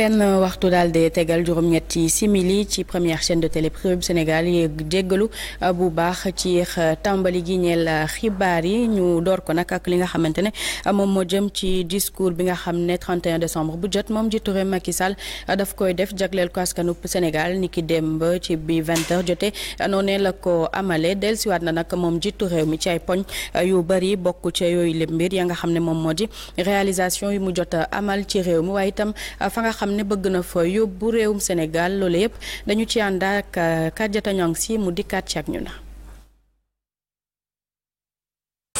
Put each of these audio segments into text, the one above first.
benn waxtu daal di tegal juróom-ñetti simili ci première chaîne de télé privée Sénégal yi jéggalu uh, bu baax ci uh, tàmbali gi ñeel uh, xibaar yi ñu door ko nag ak li nga xamante ne moom moo jëm ci discours bi nga xam ne 31 décembre bu jot moom jiitu réew Macky Sall daf koy def jagleel ko askanu Sénégal ni ki démb ci bi 20h jotee noonee la ko amale dellusiwaat na nag moom jiitu réew mi ci ay poñ yu bëri bokk ci yooyu mbir ya nga xam ne moom moo di réalisation yu mu jot amal ci réew mi waaye itam fa nga xam xam bëgg na fa yóbbu réewum Sénégal loolu yëpp dañu ci ànd ak euh, si mu dikkaat ci ak ñu na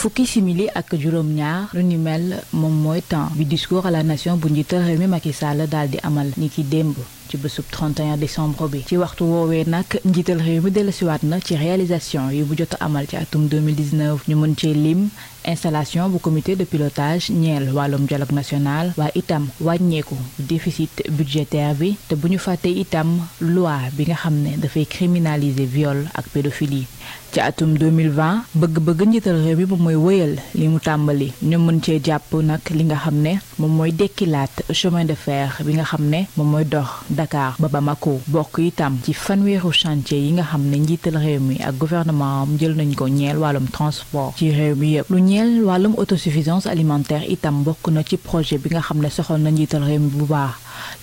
fukki simili ak juróom-ñaar lu ni mel moom mooy temps bi discours à la nation bu njiital réew mi Macky Sall daal di amal ni ki démb ci bésub 31 bi ci waxtu woowee nag njiital réew mi dellusiwaat na ci réalisation yi bu jot amal ci atum 2019 ñu mën cee lim installation bu comité de pilotage ñeel wàllum dialogue national waa itam wàññeeku defisit budgétaire bi te bu ñu fàttee itam loi bi nga xam ne dafay criminaliser viol ak pédophilie ci atum 2020 bëgg-bëgg njiital réew mi moom mooy wëyal li mu tàmbali ñu mën cee jàpp nag li nga xam ne moom mooy dekkilaat chemin de fer bi nga xam ne moom mooy dox Dakar ba ba Bamako bokk itam ci fanweeru chantier yi nga xam ne njiital réew mi ak gouvernement am jël nañ ko ñeel wàllum transport ci réew mi yëpp lu ñeel wàllum autosuffisance alimentaire itam bokk na ci projet bi nga xam ne soxoon na njiital réew mi bu baax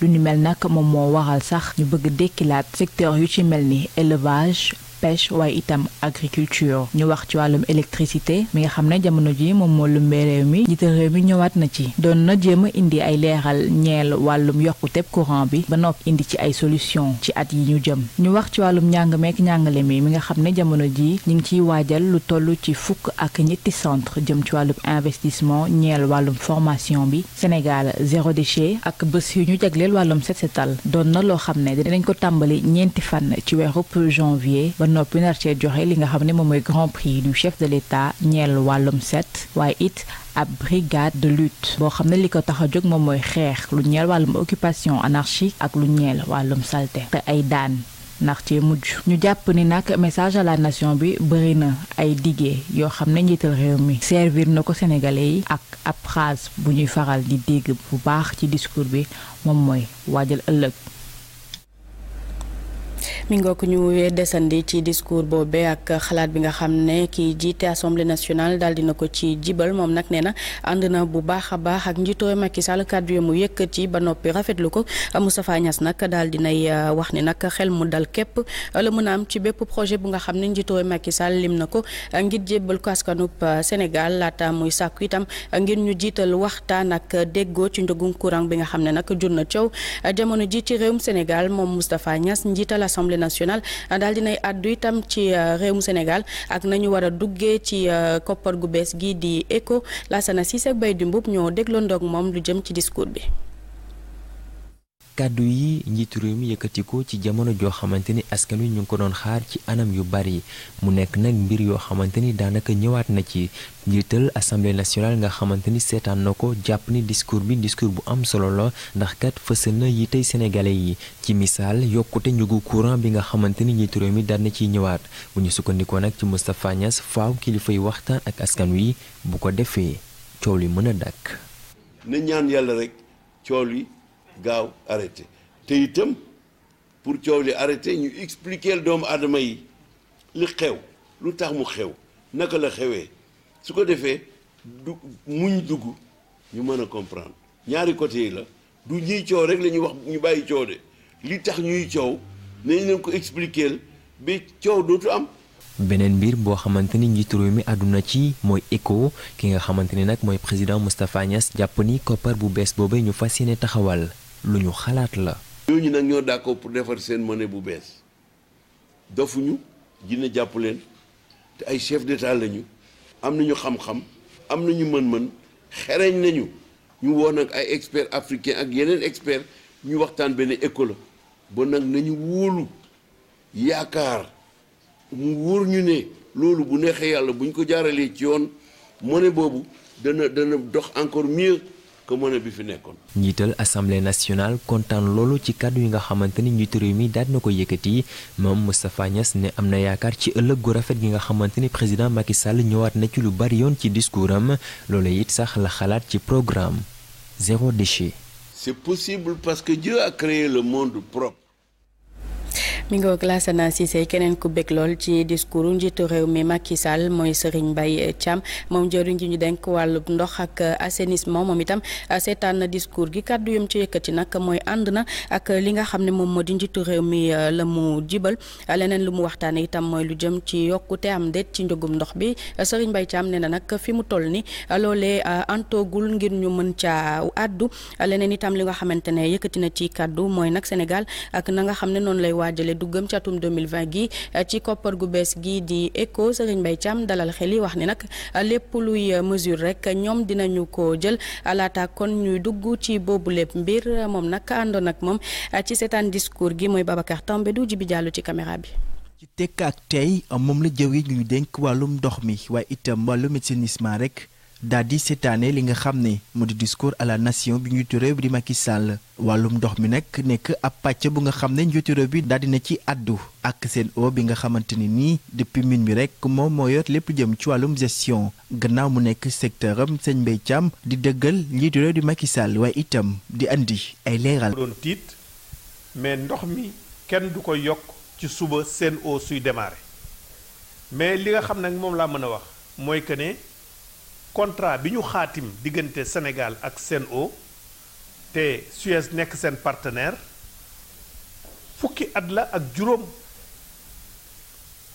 lu ni mel nag moom moo waral sax ñu bëgg dekkilaat secteur yu ci mel ni élevage pêche waaye itam agriculture ñu wax ci wàllum électricité mi nga xam ne jamono ji moom moo lumbee réew mi njiital mi ñëwaat na ci doon na jéem a indi ay leeral ñeel wàllum yokkuteb courant bi ba noppi indi ci ay solution ci at yi ñu jëm ñu wax ci wàllum njàng meek njàngale mi mi nga xam ne jamono ji ñu ngi ciy waajal lu toll ci fukk ak ñetti centre jëm ci wàllum investissement ñeel wàllum formation bi Sénégal zéro déchet ak bés yu ñu jagleel wàllum set doon na loo xam ne dinañ ko tàmbali ñeenti fan ci weerub janvier ba noppi nar cee joxe li nga xam ne moom mooy grand prix du chef de l'État ñeel wàllum set waaye it ab brigade de lutte boo xam ne li ko tax a jóg moom mooy xeex lu ñeel wàllum occupation anarchique ak lu ñeel wàllum salte te ay daan ndax cee mujj ñu jàpp ni nag message à la nation bi bëri na ay digge yoo xam ne njiital réew mi servir na ko sénégalais yi ak ab phrase bu ñuy faral di dégg bu baax ci discours bi moom mooy waajal ëllëg mi ngook ñu desandi ci discours boobe ak xalaat bi nga xam ne kii jiite assemblée nationale daal na ko ci jibal moom nag nee na ànd na bu baax a baax ak njiitoo Macky Sall kàddu yi mu yëkkati ba noppi rafetlu ko Moustapha Niass nag daal nay euh, wax ni nag xel mu dal képp euh, la mën a am ci bépp projet bu nga xam ne njiitoo Macky Sall lim na ko euh, ngir jébbal ko askanub Sénégal laata muy sàkku itam ngir ñu jiital waxtaan ak déggoo ci njëgum courant bi nga xam ne nag jur na coow assemblée nationale daal dinay àddu itam ci euh, réewum Sénégal ak nañu war a duggee ci euh, koppar gu bees gi di ECO Lassana Cissé ak Baye Dimboub ñoo dégloon ndoog moom lu jëm ci discours bi kàddu yi njiitu réew mi yëkkati ko ci jamono joo xamante ni askan wi ñu ngi ko doon xaar ci anam yu bari mu nekk nag mbir yoo xamante ni daanaka ñëwaat na ci njiital assemblée nationale nga xamante ni seetaan na ko jàpp ni discours bi discours bu am solo la ndax kat fësal na yi tey sénégalais yi ci misaal yokkute njëgu courant bi nga xamante ni njiitu réew mi daan na ciy ñëwaat bu ñu sukkandikoo nag ci Moustapha Niass faaw kilifay waxtaan ak askan wi bu ko defee coow li mën a dàkk. gaaw arrêté te itam pour coow li arrêté ñu expliquer doomu aadama yi li xew lu tax mu xew naka la xewee su ko defee du muñ dugg ñu mën a comprendre ñaari côté yi la du ñuy coow rek la ñuy wax ñu bàyyi coow de li tax ñuy coow nañ leen ko expliquer ba coow dootu am. beneen mbir boo xamante ni njiitu réew mi àdduna ci mooy ECHO ki nga xamante ni nag mooy président Moustapha Niass jàpp ni koppar bu bees boobee ñu fas yéene taxawal. lu ñu xalaat la. ñu nag ñoo d'accord pour defar seen monnaie bu bees dofuñu dina jàpp leen te ay chef d'état lañu am nañu xam-xam am nañu mën-mën xereñ nañu ñu woo nag ay experts africains ak yeneen experts ñu waxtaan benn école ba nag nañu wóolu yaakaar mu wóor ñu ne loolu bu neexee yàlla buñ ko jaaralee ci yoon mone boobu dana dana dox encore mieux. que monnaie bi fi nekkoon. njiital assemblée nationale kontaan loolu ci kàddu yi nga xamante ni njiitu réew mi na ko yëkkati moom Moustapha Niass ne am na yaakaar ci ëllëg gu rafet gi nga xamante ni président Macky Sall ñëwaat na ci lu bari yoon ci discours am loolu it sax la xalaat ci programme zéro déchet. c'est possible parce que Dieu a créé le monde propre. mi ngoog Lassana Cissé keneen ku bëgg lool ci discours njiitu réew mi Macky Sall mooy Serigne Mbaye Thiam moom jëriñ ji ñu denk wàllub ndox ak assainissement moom itam seetaan na discours gi kaddu yam ci yëkkati nag mooy ànd na ak li nga xam ne moom moo di njiitu réew mi euh, la mu jibal leneen lu mu waxtaane itam mooy lu jëm ci yokkute am déet ci njëgum ndox bi Serigne Mbaye Thiam nee na nag fi mu toll ni loolee euh, antoogul ngir ñu mën caa àddu leneen itam li nga xamante ne yëkkati na ci kàddu mooy nag Sénégal ak na nga xam ne noonu lay waajale duggam ca atum 2020 gi eh, ci koppar gu bees gi di ECHO Serigne Mbaye Thiam dalal xel yi wax ni nag eh, lépp luy eh, mesure rek ñoom dinañu ko jël laata kon ñuy dugg ci boobu lépp mbir moom nag àndoon ak moom ci seetaan discours gi mooy Babacar Tambe du Jibi jàll ci caméra bi. ci tekk ak tey moom la yi ñu dénk wàllum ndox mi waaye itam wàllu mécanisme rek. daal di seetaane li nga xam ne mu di discours à la nation bi njiitu réew bi di Macky Sall wàllum ndox mi nag nekk ab pàcc bu nga xam ne njiitu réew bi daal dina ci àddu ak seen o bi nga xamante ni nii depuis min bi rek moom moo yor lépp jëm ci wàllum gestion gannaaw mu nekk secteur am sëñ Mbaye Thiam di dëggal njiitu réew di Macky Sall waaye itam di indi ay leeral. doon tiit mais ndox mi kenn du ko yokk ci suba seen o suy démarrer mais li nga xam nag moom laa mën a wax mooy que ne. contrat bi ñu xaatim diggante Sénégal ak seen o te Suez nekk seen partenaire fukki at la ak juróom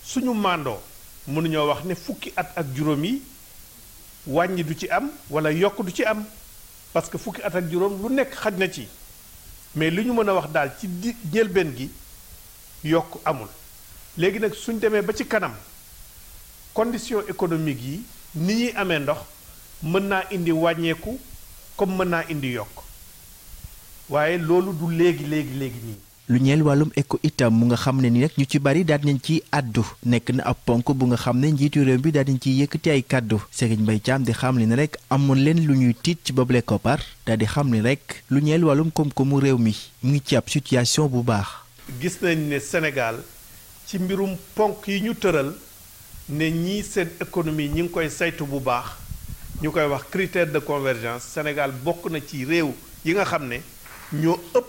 suñu maandoo mënuñoo wax ne fukki at ak juróom yi wàññi du ci am wala yokk du ci am parce que fukki at ak juróom lu nekk xaj na ci mais li ñu mën a wax daal ci di njëlbeen gi yokk amul léegi nag suñ demee ba ci kanam conditions économique yi ni ñuy amee ndox mën naa indi wàññeeku comme mën naa indi yokk waaye loolu du léegi léegi léegi nii. lu ñeel wàllum éco itam mu nga xam ne ni nag ñu ci bari daal nañ ciy àddu nekk na ab ponk bu nga xam ne njiitu réew bi daal nañ ciy yëkkati ay kàddu Serigne Mbaye Thiam di xam ne rek amoon leen lu ñuy tiit ci boobule koppar daal di xam ne rek lu ñeel wàllum koom-koomu réew mi mu ngi ci ab situation bu baax. gis nañ ne senegal ci mbirum ponk yi ñu tëral. ne ñi seen économie ñi ngi koy saytu bu baax ñu koy wax critère de convergence Sénégal bokk na ci réew yi nga xam ne ñoo ëpp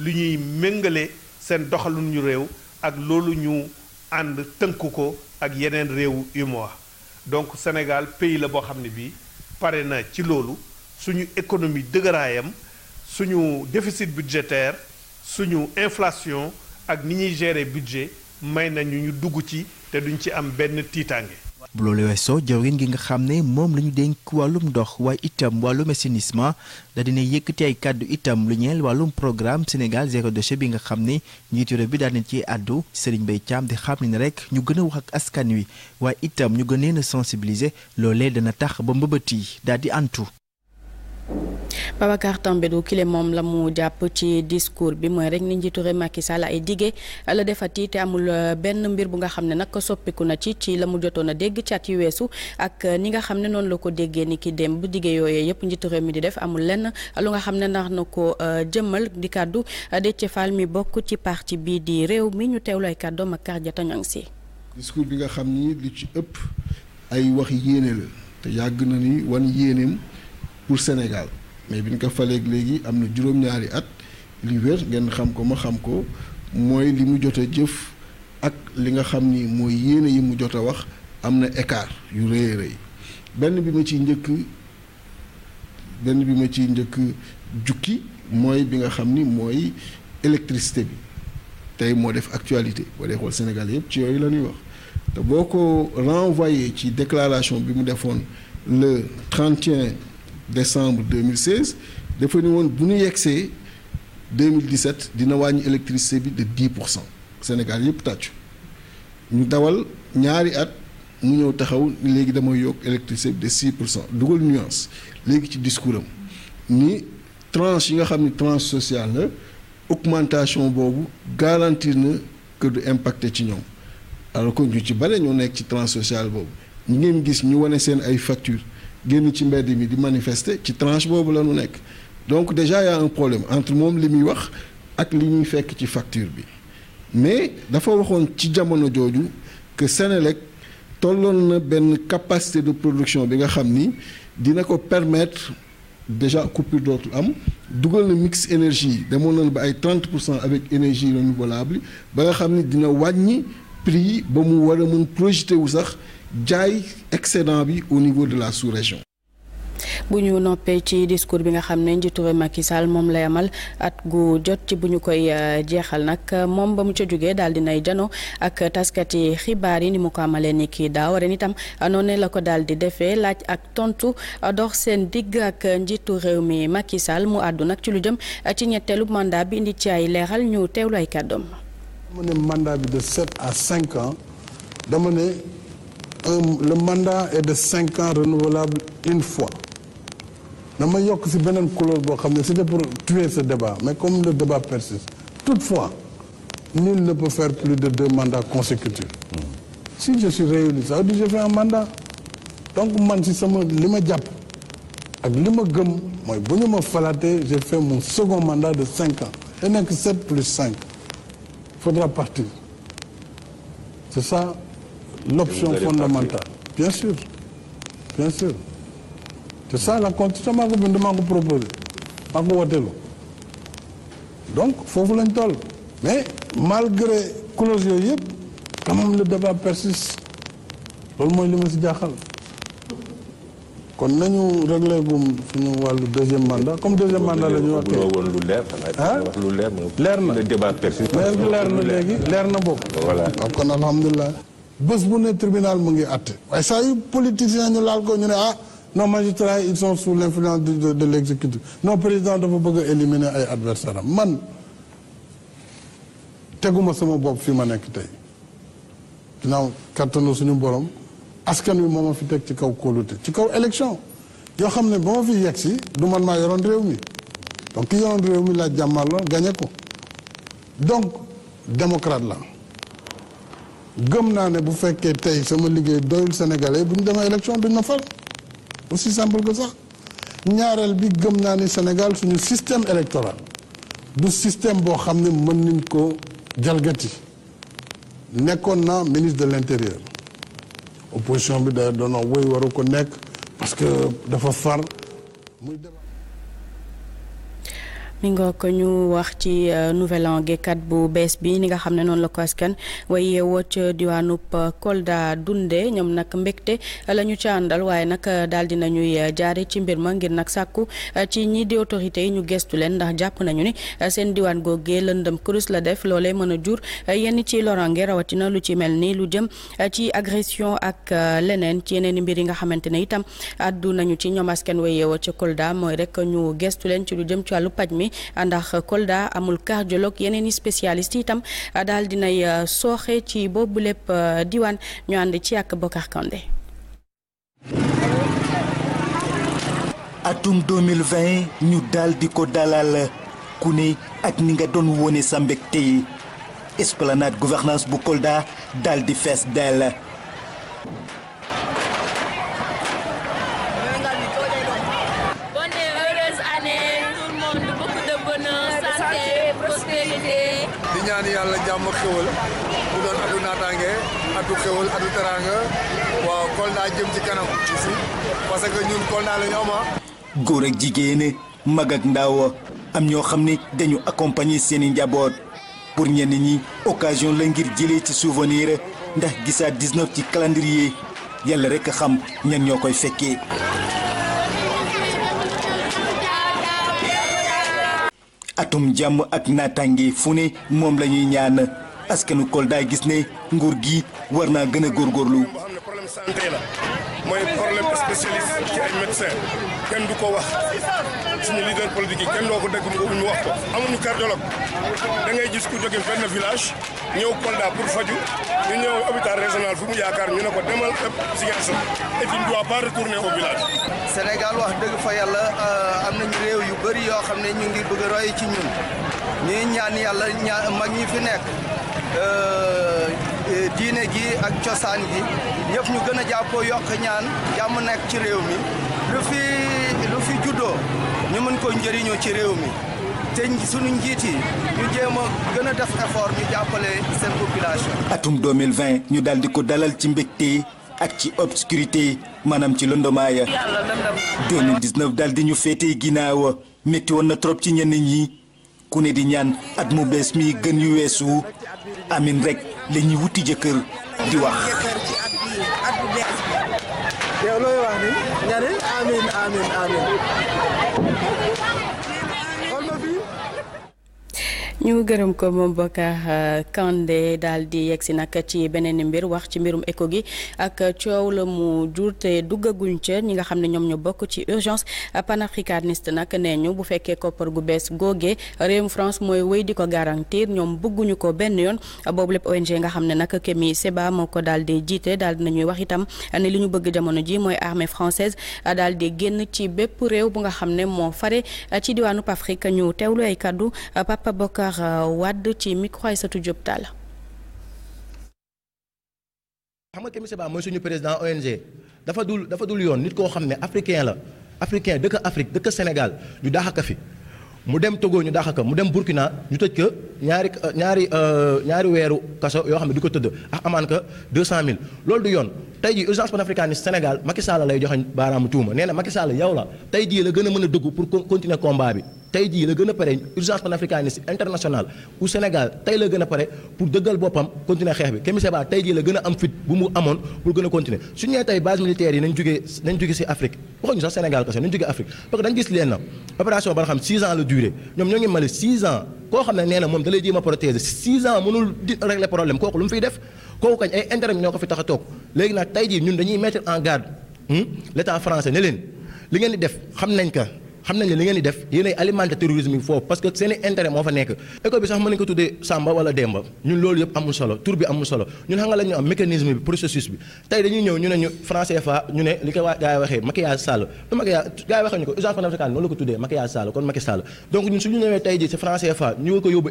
li ñuy méngale seen doxaluñu réew ak loolu ñu ànd tënk ko ak yeneen réew UMOA donc Sénégal pays la boo xam ne bii pare na ci loolu suñu économie dëgëraayam suñu déficit budgétaire suñu inflation ak ni ñuy gérer budget may nañu ñu dugg ci te duñ ci am benn tiitaange. bu loolu weesoo jawrin gi nga xam ne moom la ñu dénk wàllum dox waaye itam wàllu assainissement da dina yëkkati ay kàddu itam lu ñeel wàllum programme Sénégal zéro déchet bi nga xam ne njiitu réew bi daal na ci àddu Serigne bay Thiam di xam ne rek ñu gën a wax ak askan wi waaye itam ñu gën leen a sensibiliser loolee dana tax ba mbëbët yi daal di antu. Babacar Tambédou kile moom la mu jàpp ci discours bi mooy rek ni njiitu réew Macky Sall ay dige la defati te amul euh, benn mbir bu nga xam ne nag soppiku na ci ci la mu jotoon a dégg ci weesu ak euh, ni nga xam ne noonu la ko déggee ni ki démb bu dige yooyee yëpp njiitu mi di def amul lenn lu nga xam ne ndax na ko euh, jëmmal di kàddu Déthié Fall mi bokk ci parti bii di réew mi ñu teewlooy kàddoom ak kàr jatañoŋ si. discours bi nga xam ni li ci ëpp ay wax yéene te yàgg na ni wan yéeneem. pour Sénégal mais bi ñu ko faleeg léegi am na juróom-ñaari at li wér ngeen xam ko ma xam ko mooy li mu jot a jëf ak li nga xam ni mooy yéene yi mu jot a wax am na écart yu rëy a rëy benn bi ma ci njëkk benn bi ma ciy njëkk jukki mooy bi nga xam ni mooy électricité bi tey moo def actualité boo Sénégal yëpp ci yooyu lañuy wax te boo ko renvoyé ci déclaration bi mu defoon le 31 décembre 2016 dafa ni woon bu ñu yegsee 2017 dina wàññi électricité bi de 10 pour Sénégal yëpp tàccu ñu dawal ñaari at mu ñëw taxaw léegi damay yokk électricité bi de 6 pour cent dugal nuance léegi ci discours am ni tranche yi nga xam ne tranche sociale la augmentation boobu garantir na que du impacté ci ñoom alors que ci bare ñoo nekk ci tranche sociale boobu ñu ngeen gis ñu wane seen ay facture génn ci mbedd mi di manifester ci tranche boobu la ñu nekk donc déjà y a problème entre moom li muy wax ak li ñuy fekk ci facture bi mais dafa waxoon ci jamono jooju que Senelec tolloon na benn capacité de production bi nga xam ni dina ko permettre déjà coupure dootul am dugal na mix énergie demoon nañ ba ay 30 pour cent avec énergie renouvelable ba nga xam ni dina wàññi prix ba mu war a mën projeté wu sax jaay excédent bi au niveau de bu ñu noppee ci discours bi nga xam ne njiitu réew Macky moom lay amal at gu jot ci bu ñu koy euh, jeexal nag moom ba mu ca jógee daal di nay jano ak taskati xibaar yi ni mu ko amalee ni kii daaw ren itam noonu la ko daal di defee laaj ak tontu dox seen digg ak njiitu réew mi Macky mu àddu nag ci lu jëm ci ñetteelu mandat bi indi ci ay leeral ñu teewlu ay kàddoom. dama ne mandat bi de sept à cinq ans dama ne. le mandat est de cinq ans renouvelable une fois dama yokk si beneen couleur boo xam ne c'était pour tuer ce débat mais comme le débat persiste toutefois nul ne peut faire plus de deux mandats consécutifs hmm. si je suis réélu ça veut dire je fais un mandat donc man si sama li ma jàpp ak li ma gëm mooy bu ñu ma falaatee j'ai fait mon second mandat de cinq ans et nekk sept plus cinq faudra partir c'est ça l'option fondamentale bien sûr bien sûr te ça la constitution maa ko bind maa ko proposé maa ko woteelu donc foofu lañ toll mais malgré clause yooyu yëpp quand même le débat persiste loolu mooy li ma si jaaxal kon nañu réglé gum suñu wàllu deuxième mandat comme deuxième mandat la ñu wax ah leer na leer na léegi leer na boobu voilà kon alhamdulilah bés bu ne tribunal mu ngi àtte waaye saa yu politicien ñu laal ko ñu ne ah non magistrats ils sont sous l' influence de de l' exécutif non président dafa bëgg a éliminer ay adversaires am man teguma sama bopp fi ma nekk tey dinaaw kattanu suñu borom askan wi moo ma fi teg ci kaw kóolute ci kaw élection yoo xam ne ba ma fi yegg si du man maa yoroon réew mi donc ki yoroon réew mi laa jàmmal la gagné ko donc démocrate la gëm naa ne bu fekkee tey sama liggéey doyul sénégalais bu ñu demee élection duñ ma fal aussi simple que sax ñaareel bi gëm naa ni Sénégal suñu système électoral du système boo xam ne mën nañ ko jalgati nekkoon naa ministre de l'intérieur opposition bi da doon wax woy waru ko nekk parce que dafa far muy dem mi nga ko ñu wax ci euh, nouvel an gékat bu bees bi ni nga xam ne noonu la ko askan waaye yeewoo ca euh, Kolda Dunde ñoom nag mbégte la ñu ca àndal waaye nag euh, daal di nañuy jaare ci mbir ma ngir nag sàkku ci ñi di autorité yi ñu gestu leen ndax jàpp nañu ni seen diwaan googee lëndëm kurus la def loolee mën a jur yenn ci lorange rawatina lu ci mel ni lu jëm ci agression ak leneen ci yeneen i mbir yi nga xamante ne itam àddu nañu ci ñoom askan waaye yeewoo ca Kolda mooy rek ñu gestu leen ci lu jëm ci wàllu paj mi ndax Kolda amul cardiologue yeneen i spécialiste itam daal dinay euh, ci boobu lépp euh, diwaan ñu ànd ci ak Bokar Kande atum 2020 ñu daldi ko dalal ku ne ak ni nga doon wone sa mbégte yi esplanade gouvernance bu Kolda daldi di fees dell teranga waaw Kolda jëm ci kanam ci si parce que ñun Kolda la ñu ama ah. góor ak jigéen mag ak ndaw am ñoo xam ne dañu accompagner seeni njaboot pour ñenn ñi occasion la ngir jëlee ci souvenir ndax gisaat 19 ci calendrier yàlla rek xam ñan ñoo koy fekkee. atum jàmm ak naataange fu ne moom la ñaan. askanu Koldaay gis ne nguur gi war naa gën a góor góorgóorlu. santé la mooy problème spécialiste ci ay médecin kenn du ko wax suñu leader politique yi kenn doo ko dégg mu wax ko amuñu cardiologue da ngay gis ku jóge benn village ñëw Kolda pour faju ñu ñëw hôpital régional fu mu yaakaar ñu ne ko demal ëpp Ziguinchor et il ne doit pas retourner au Sénégal wax dëgg fa yàlla euh, am nañu réew yu bëri yoo xam ne ñu ngi bëgg a roy ci ñun ñuy ñaan yàlla ñaa mag ñi fi nekk Euh, euh, diine gi ak cosaan gi ñëpp ñu gën a jàppoo yokk ñaan jàmm nekk ci réew mi lu fi lu fi juddoo ñu mën ko njëriñoo ci réew mi te suñu njiit yi ñu jéem a def effort ñu jàppale seen population. atum ñu daal di ko dalal ci mbégte ak ci obscurité maanaam ci lëndamaaya 2019 daal di ñu féetee ginnaaw métti woon na trop ci ñenn ñi ku ne di ñaan at mu bees mi gën yu weesu. amin rek la wuti jëkkër di wax. yow looy wax ni nga ne amin amin amin. ñu gërëm ko moom Bokar euh, Kandé daal di yegg si nag ci beneen mbir wax ci mbirum éco gi ak coow la mu jur te duggaguñ ca ñi nga xam ne ñoom ñu bokk ci urgence panafricaniste nag nee ñu bu fekkee koppar gu bees googee réewum France mooy wéy di ko garantir ñoom bëgguñu ko benn yoon boobu lépp ONG nga xam ne nag Kémi Seba moo ko daal di jiite daal di nañuy wax itam ne li ñu bëgg jamono ji mooy armée française daal di génn ci bépp réew bu nga xam ne moo fare ci diwaanu Afrique ñu teewlu Omar euh, Wade ci micro Aïssatou Diop Tall. xam nga Kemi Seba mooy suñu président ONG dafa dul dafa dul yoon nit koo xam ne africain la africain dëkk Afrique dëkk Sénégal ñu daax ka fi mu dem Togo ñu daax ka mu dem Burkina ñu tëj ko ñaari ñaari euh, ñaari weeru kaso yoo xam ne di ko tëdd ak amaan ka 200000 loolu du yoon. tey jii urgence panafricaniste Sénégal Macky Sall lay joxe baaraamu tuuma nee na Macky Sall yow la tey jii la gën a mën a dugg pour continuer combat bi. tey jii la gën a pare urgence panafricaniste internationale ou Sénégal tey la gën a pare pour dëggal boppam continuer xeex bi Kémi Séba tey la gën a am fit bu mu amoon pour gën a continuer su ñu nee tey base militaire yi nañ jógee nañ jógee si Afrique waxuñu sax Sénégal kese nañ jógee Afrique parce que dañ gis leen na opération ba xam 6 ans la durée ñoom ñoo ngi Mali 6 ans koo xam ne nee na moom da jéem a protéger 6 ans mënul xam nañ ne li ngeen di def yéenay alimenter terrorisme yi foofu parce seen i intérêt moo fa nekk école bi sax mën nañ ko tuddee Samba wala Demba ñun loolu yëpp amul solo tur bi amul solo ñun xam nga la ñu am mécanisme bi processus bi tey dañuy ñëw li ko waa gars yi waxee maquillage Sall du maquillage gars yi ko usage panafricaine noonu la ko tuddee maquillage Sall kon Macky Sall donc ñun suñu ñëwee tey ji ci France ñu ngi ko yóbbu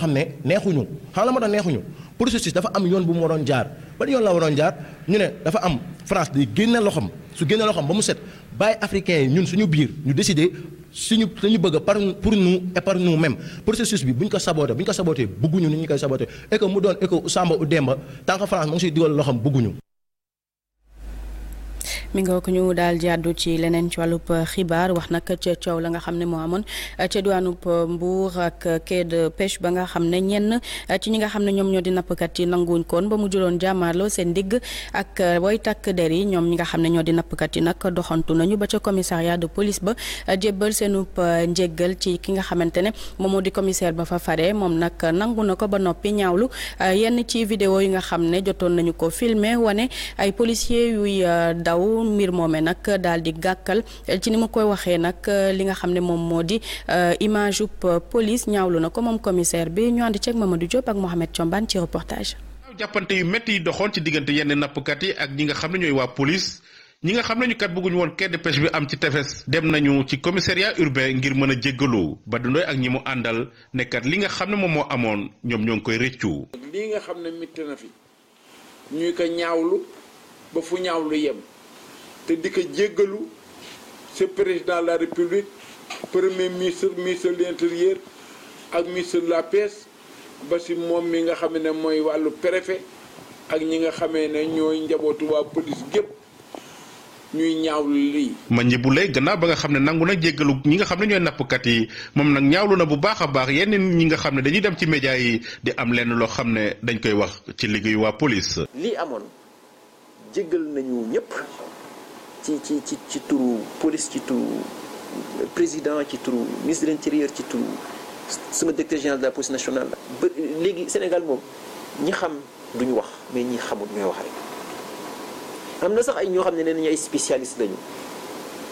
xam ne neexuñu xam la moo tax neexuñu processus dafa am yoon bu mu waroon jaar ban yoon la waroon jaar ñu ne dafa am France di génne loxam su génne loxam ba mu set bàyyi africains yi ñun suñu biir ñu décider suñu suñu bëgg par pour nous et par nous même processus bi bu ñu ko saboté bu ñu ko saboté bëgguñu ni ñu koy saboté et que mu doon et que Samba ou Demba tant que France mu ngi siy dugal bëgguñu. mi nga ko ñu daal jàddu ci leneen ci wàllub xibaar wax nag ca coow la nga xam ne moo amoon ca diwaanu Mbour ak quai de pêche ba nga xam ne ñenn ci ñi nga xam ne ñoom ñoo di nappkat yi nanguwuñ koon ba mu juloon jàmmaarloo seen digg ak way takk der yi ñoom ñi nga xam ne ñoo di nappkat yi nag doxantu nañu ba ca commissariat de police ba jébbal seenub njéggal ci ki nga xamante ne moom moo di commissaire ba fa fare moom nag nangu na ko ba noppi ñaawlu yenn ci vidéo yi nga xam ne jotoon nañu ko filmer wane ay policier yuy daw mbir moome nag daal di gàkkal ci ni ma koy waxee nag li nga xam ne moom moo di euh, image up police ñaawlu na ko moom commissaire bi ñu ànd ceeg Mamadou Diop ak Mohamed Thiombane ci reportage. jàppante yu métti yi doxoon ci diggante yenn nappkat yi ak ñi nga xam ne ñooy waa police ñi nga xam ne ñu kat bëgguñu woon quai de bi am ci tefes dem nañu ci commissariat urbain ngir mën a jéggalu ba dundooy ak ñi mu àndal nekkat li nga xam ne moom moo amoon ñoom ñoo ngi koy rëccu. nga xam ne métti na te dikk ko jéggalu ci président de la république premier ministre ministre de l'intérieur ak ministre la pêche ba ci moom mi nga xam ne mooy wàllu préfet ak ñi nga xamee ne ñooy njabootu waa police gépp ñuy ñaawlu lii. Madjibou Leye gannaaw ba nga xam ne nangu na jéggalu ñi nga xam ne ñooy nappkat yi moom nag ñaawlu na bu baax a baax yenn ñi nga xam ne dañuy dem ci média yi di am lenn loo xam ne dañ koy wax ci liggéeyu waa police. lii amoon jéggal nañu ñëpp. ci ci ci ci turu police ci turu président ci turu ministre de ci turu sama directeur général de la police nationale ba léegi Sénégal moom ñi xam duñu wax mais ñi xamul ñooy wax rek am na sax ay ñoo xam ne nee nañu ay spécialiste lañu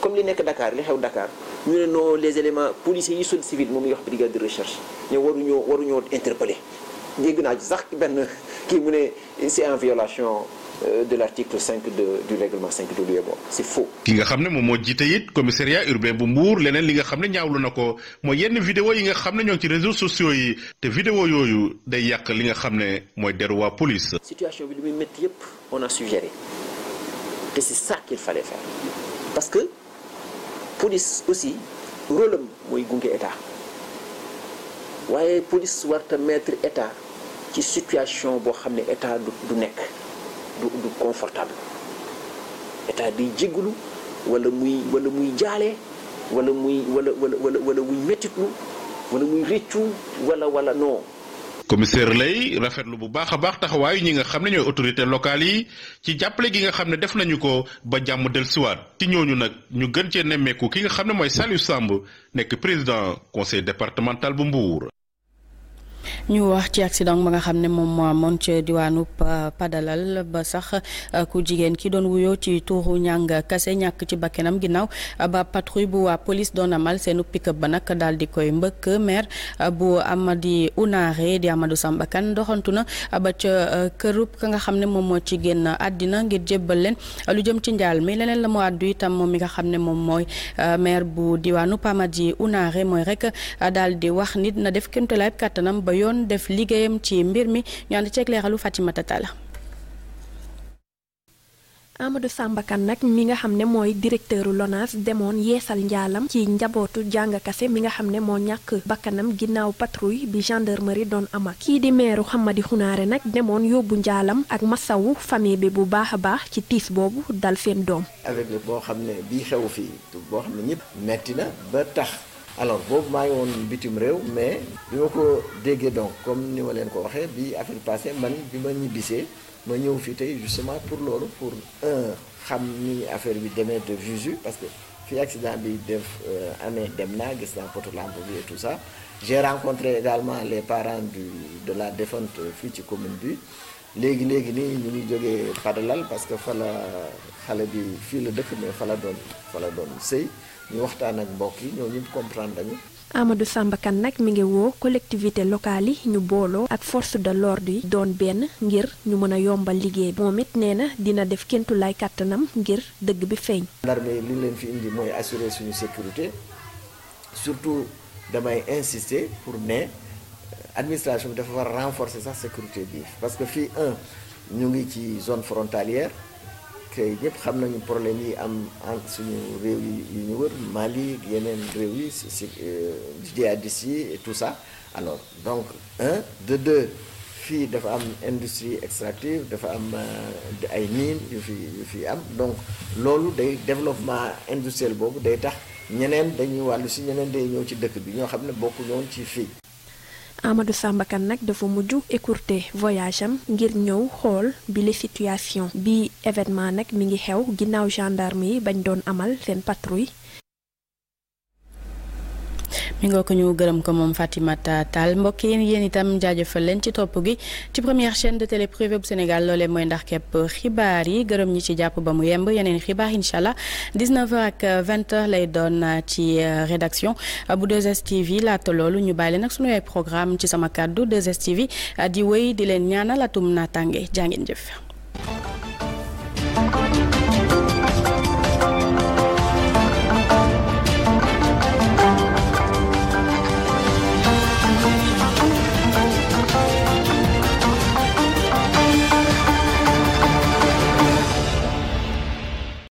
comme li nekk dakaar li xew dakaar ñu ne noo les éléments policiers yi solde civil moom ñuy wax brigade de recherche ñoo waruñoo waruñoo interpellé dégg naa ci sax benn kii mu ne c'est en violation Euh, de la 5 de du règlement 5 de l'UEMOA c'est faux. ki nga xam ne moom moo jiite it commissariat urbain bu Mbour leneen li nga xam ne ñaawlu na ko mooy yenn vidéo yi nga xam ne ñoo ngi ci réseaux sociaux yi te video yooyu day yàq li nga xam ne mooy deru waa police. situation bi li muy métti yëpp on a suggéré te c'est ça qu'il fallait faire parce que police aussi rôle am mooy gunge état waaye police warta mettre état ci situation boo xam ne état du nekk. du du confortable état day jéggalu wala muy wala muy jaale wala muy wala wala wala wala muy méttitlu wala muy réccu wala wala non. commissaire lay rafetlu bu baax a baax taxawaayu ñi nga xam ne ñooy autorité locales yi ci jàppale gi nga xam ne def nañu ko ba jàmm dellusiwaat ci ñooñu nag ñu gën cee nemmeeku ki nga xam ne mooy Saliou Samb nekk président conseil départemental bu Mbour. ñu wax ci accident ba nga xam ne moom moo amoon ca diwaanu euh, Padalal ba sax euh, ku jigéen ki doon wuyoo ci tuuru ñàng kase ñàkk ci bakkanam ginnaaw euh, ba patrouille bu waa police doon amal seenu pick-up ba nag daal di koy mbëkk maire bu Amady Unaare di Amadou Samba doxantu na ba ca ka nga xam ne moom moo ci génn àddina ngir jébbal lu jëm ci njaal mi leneen la mu àddu moom mi nga xam ne moom mooy maire bu diwaanu Amady Unaare mooy rek daal di wax nit na def kéemtalaay kàttanam ba yoon def liggéeyam ci mbir mi ñu ànd ceeg leeralu nag mi nga xam ne mooy directeuru LONASE demoon yeesal njaalam ci njabootu jàngkase mi nga xam ne moo ñàkk bakkanam ginnaaw patrouille bi gendarmerie doon amal kii di meeru Hamadi Xunaare nag demoon yóbbu njaalam ak masawu famille bi bu baax a baax ci tiis boobu dal seen doom. avec boo xam ne bii xew fii boo xam ne ñëpp metti ba tax. alors boobu maa ngi woon bitim réew mais bi ma ko déggee donc comme ni ma leen ko waxee bi affaire passé man bi ma ñibbisee ma ñëw fii tey justement pour loolu pour un xam ni affaire bi demee de visu parce que fii accident bi def euh, amee dem naa gis naa poto lampe bi et tout ça j'ai rencontré les parents du de la défunte fii ci commune bi léegi léegi nii ñu ngi jógee Padalal parce que fa la xale bi fii la dëkk mais fa la doon fa la doon sëy ñu waxtaan ak mbokk yi ñoo ñëpp comprendre nañu. Amadou Samba Kane nag mi ngi woo collectivité locale yi ñu booloo ak force de l'ordre yi doon benn ngir ñu mën a yombal liggéey bi moom it nee na dina def kéntu lay kàttanam ngir dëgg bi feeñ. l'armée li leen fi indi mooy assurer suñu sécurité surtout damay insister pour ne euh, administration bi dafa war renforcer sax sécurité bi parce que fii un ñu ngi ci zone frontalière. que ñëpp xam nañu problème yi am entre suñu réew yi yu ñu wër Mali yeneen réew yi si si euh, djihadistes yi et tout ça alors donc un de deux fii dafa am industrie extractive dafa am euh, ay mines yu fi yu fi am donc loolu day développement industriel boobu day tax ñeneen dañuy wàllu si ñeneen day ñëw ci dëkk bi ñoo xam ne bokku ci fii Amadou Samba nag dafa mujj écourter voyage am ngir ñëw xool bi la situation bi événement nag mi ngi xew ginnaaw gendarme yi bañ doon amal seen patrouille mi nga ko ñu gërëm ko moom Fatimata Tall mbokk yi yéen itam jaajëfal leen ci topp gi ci première chaine de télé privée bu Sénégal loolee mooy ndax képp xibaar yi gërëm ñi ci jàpp ba mu yemb yeneen xibaar incha allah 19h ak 20h lay doon ci euh, rédaction bu 2STV laata loolu ñu bàyyi leen ak sunu ay programme ci sama kàddu 2STV di wéy di leen ñaana atum naataange jaa ngeen jëf.